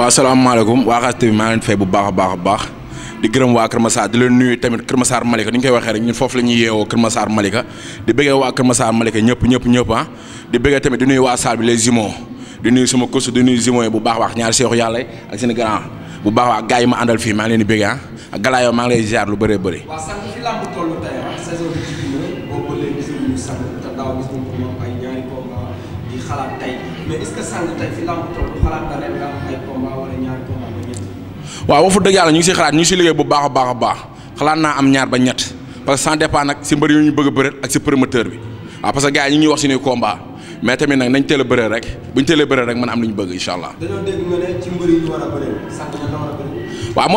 waaw salaamaaleykum waa Khass TV maa leen fay bu baax a baax a baax di gërëm waa Kër Massar di leen nuyu tamit Kër Massar Malika ni koy waxee rek foofu la ñuy yeewoo Kër Massar Malika di bëggee waa Kër Massar ñëpp ñëpp ñëpp ah di bëggee tamit di nuyu waa salle bi les jumeaux di nuyu sama coach di nuyu jumeaux bu baax a baax ñaari seexu yàlla ak seen grand bu baax waa gars yi ma àndal fii maa ngi leen di bëggee ah ak galaayoo maa ngi lay ziar lu bëree bëri di xalaat tey mais yàlla ñu ngi si xalaat ñu ngi siy liggéey bu baax a baax a baax xalaat naa am ñaar ba ñett parce que ça dépend nag si mbër yi ñu bëgg a bëreet ak si promoteur bi waaw parce que gars ñu ngi wax suñuy combat mais tamit nag nañ teel a bëree rek buñ teel a bëree rek mën am lu ñu bëgg incha allah. dañoo dégg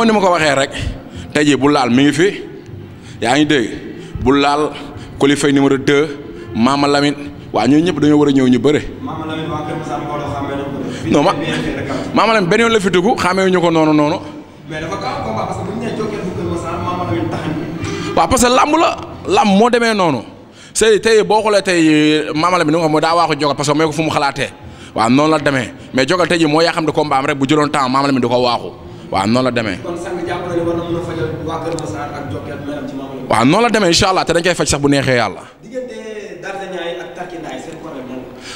ni ma ko waxee rek tey jii bu laal mi ngi fi yaa ngi dégg bu laal Coly Faye numéro 2 Mama waaw ñooñu ñëpp dañoo war a ñëw ñu bëre. non ma Mama Lamine benn la fi dugg ñu ko noonu noonu. mais dafa gaaw combat parce que bu làmb la làmb moo demee noonu say tey boo xoolee tey euh, Mama Lamine ni nga xam ne daa waaxu jogal parce que ko fu mu xalaatee waaw noonu la demee mais jogal te ji mooy yaa xam ne combat am rek bu jëloon temps Mama Lamine di ko waaxu waaw noonu la demee. kon waa Kër la demee incha allah te dañ koy faj sax bu neexee yàlla.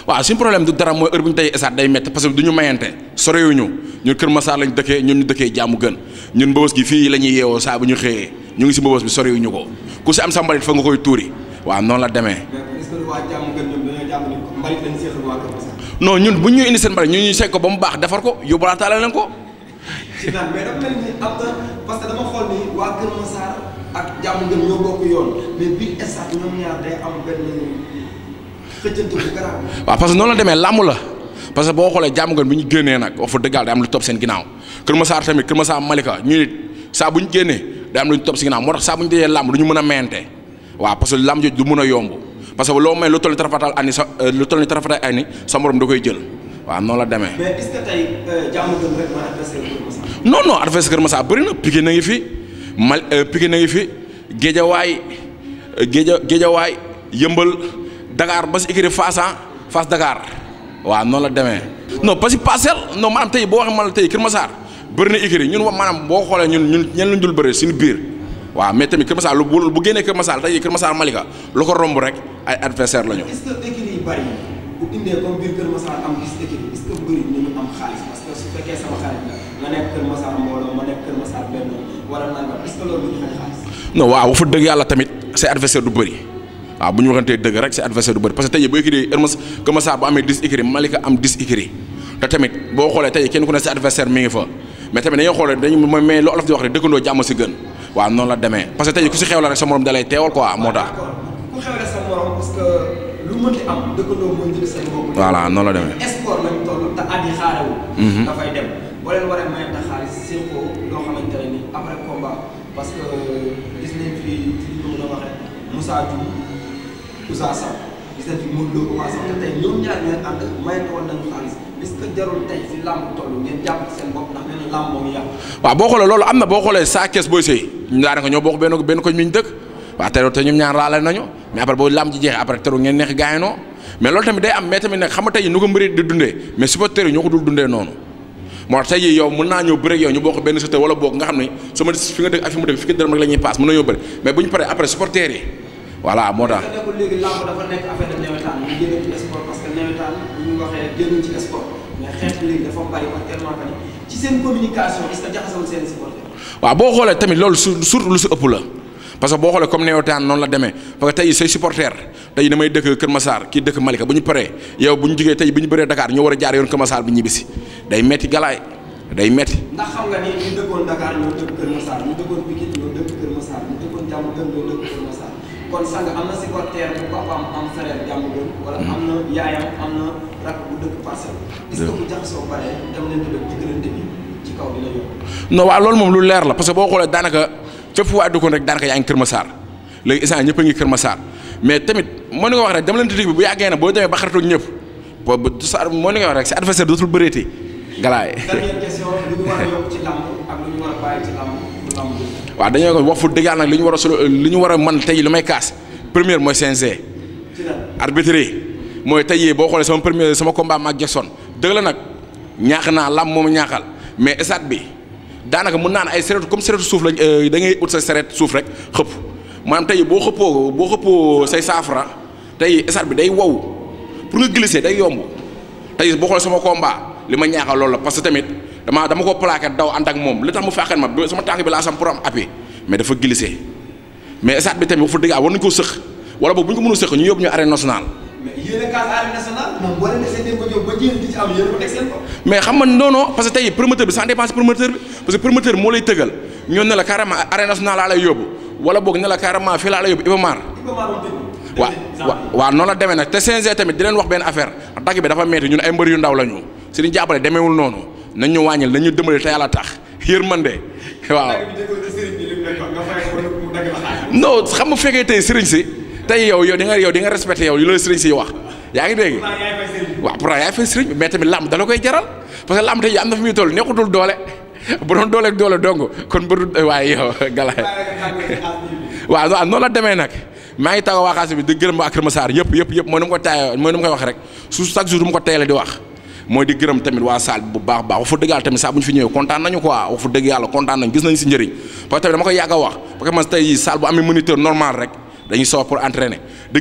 waaw suñu problème du dara mooy heure bu ñu tey esaat day métti parce que du ñu mayante sorewuñu ñun Kër Masaar lañ dëkkee ñun ñu dëkkee jàmm gën ñun mbëbës gi fii la ñuy saa bu ñu xëyee ñu ngi si mbëbës bi sorewuñu ko ku si am sa mbalit fa nga koy tuuri waaw noonu la demee. ñun bu ñu indi seen mbalit ñun ñu seeg ko ba mu baax defar ko yóbbalaataale leen ko. mais dafa mel waaw parce que noonu la demee làmb la parce que boo xoolee jàmm gan bi ñu génnee nag wax fa dëggal day am lu topp seen ginnaaw Kër Massar tamit Kër Massar Malika ñu nit saa bu ñu génnee day am lu ñu si ginnaaw moo tax saa bu ñu dajee làmb du ñu mën a mente waaw parce que làmb jooju du mën a yomb parce que loo may lu toll ni tarafatal ani sa euh, lu toll ni tarafatal ani sa morom da koy jël waaw noonu la demee. mais euh, ma adversaire Kër non non adversaire Kër Massar bëri na Pikine na ngi fi Mal euh, Pikine na ngi fi Géejawaay Géeja Géejawaay yëmbal Dakar ba si écurie Fass ah Fass Dakar waaw noonu la demee non parce que parcelle non maanaam tey boo waxee man la tey Kër Massar bëri na écurie ñun wa maanaam boo xoolee ñun ñun ñen lañ dul bëri suñu biir waaw mais tamit Kër Massar bu génnee Kër Massar tey Kër Massar Malika lu ko romb rek ay adversaire la ñu. est loolu du ñu xaalis. non waaw bu fa dëgg yàlla tamit say adversaire du bëri waaw bu ñu waxantee dëgg rek si adversaire du bëri parce que tey te kenn ku ne si adversaire mi ngi fa mais tamit dañoo xoolee dañu mais lu olof di wax rek voilà noonu la mhm. xaalis seen loo xamante ne ni après combat parce que gis nañ fi ci ñu mën Moussa Sow gis nañ fi Modou Lo commencé te tey ñoom ñaar ñooy tey boo xoolee loolu am na boo xoolee saa kees booy sëy ñu daanaka ñoo bokk benn benn koñ mi dëkk waaw te te ñoom ñaar laale nañu mais après boo làmb ji jeexee après teru ngeen neex gaañoo mais loolu tamit day am mais tamit nag xam nga tey nu ko mbëri di dundee mais supporters yi ñoo ko dul dundee noonu moo tax tey jii yow mën naa ñëw bëreeg yow ñu bokk benn société wala bokk nga xam ne sama fi nga dëkk ak fi mu dëkk fi nga dërëm la ñuy na ñëw bëri mais bu ñu paree après supporters voilà moo tax. boo xoolee tamit lool su surtout lu si ëpp la. parce que boo xoolee comme nawetaan noonu la demee parce que tey say supporters tey damay dëkk Kër Massar kii dëkk Malika bu ñu paree yow bu ñu jógee tey bu ñu bëree Dakar ñu war a jaar yoon Kër Massar bi ñibbisi day metti galaay day metti. ndax xam nga ni ñu dëkkoon Dakar ñoo dëkk Kër Massar ñu dëkkoon Pikine ñoo dëkk Kër Massar ñu dëkkoon jàmm gën ñoo dëkk kon sang am na supporter bu papaam mm-hmm. bu dëkk parcelle. que bu jaxasoo paree dem leen tuddee bi ci kaw dina yóbbu. non waaw loolu moom lu leer la parce que boo xoolee daanaka fépp fu waay duggoon rek daanaka yaa ngi Kër Massar léegi instant ñëpp a ngi Kër Massar mais tamit moo ni nga wax rek dem leen tuddee bi bu yàggee na boo demee ba xaritoog ñëpp boobu sa moo ni nga wax rek sa adversaire dootul bëreetee. galaay. dernière question lu ñu war yokk ci làmb ak lu ñu war a bàyyi ci làmb waaw dañoo ko wax fu dëgg yàlla nag li ñu war a solo li ñu war a man tey li may kaas première mooy CNG. arbitre mooy tey boo xoolee sama premier sama combat mag Jackson dëgg la nag ñaax naa lam moom ñaaxal mais stade bi daanaka mën naa ne ay seretu comme seretu suuf lañ euh, dangay ngay ut sa seret suuf rek xëpp maanaam tey boo xëppoo boo xëppoo say saafara tey stade bi day wow pour nga glisser day yomb tey boo xoolee sama combat li ma ñaaxal loolu la parce que tamit. damaa dama ko plaqué daw ànd ak moom li tax mu fàqen ma ba sama tànk bi laa sam pour am appui mais dafa glissé mais esaat bi tamit bu fa dëgg war nañu ko sëq wala boog bu ñu ko mënul sëq ñu yóbbu ñu arène nationale. mais a xam nga non non parce que tey promoteur bi sant dépense promoteur bi parce que promoteur bi moo lay tëgal ñoon ne la carrément arène nationale laa lay yóbbu wala boog ne la carrément fii laa lay yóbbu Ibamar. Ibamar waaw noonu la demee nag te CNG tamit leen wax benn affaire dagg bi dafa metti ñun ay yu ndaw la ñu si ñu jàppale nañ ñu wàññil nañ ñu dëmbale te yàlla tax de waaw. non xam nga fekkee tey sëriñ si tey yow yow di nga yow di nga respecté yow yu la sëriñ si wax. yaa ngi dégg waaw pourtant yaay fay sëriñ mais tamit làmb dala koy jaral parce que làmb tey am na fi muy toll nekkutul doole bu doon doole dong kon bëru waaye yow galaay waaw waaw noonu la demee nag maa ngi tàggoo waa Xassida bi di gërëm waa Kër Massar yëpp yëpp yëpp mooy nu mu ko taayoo koy wax rek su chaque jour mu ko la di wax mooy di gërëm tamit waa salle bu baax baax wax fa dëgg yàlla tamit saa bu ñu fi ñëwee kontaan nañu quoi wax fa dëgg yàlla kontaan nañ gis nañ si njëriñ parce que tamit dama koy yàgg a wax parce que man tey salle bu amee moniteur normal rek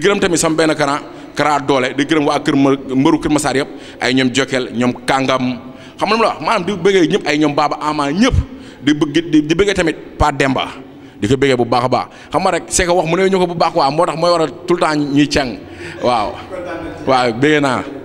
gërëm tamit sama benn karan kara doole di waa kër mbëru yëpp ay ñoom Jokal ñoom Kàngam xam nga lu ma la wax maanaam di bëggee ñëpp ay ñoom Baba Ama ñëpp di bëgg di bëggee tamit Pa Demba di ko bëggee bu baax a baax xam nga rek c'est wax mu ne ko bu baax quoi moo tax mooy war a tout le temps ñuy càng waaw waaw bëggee naa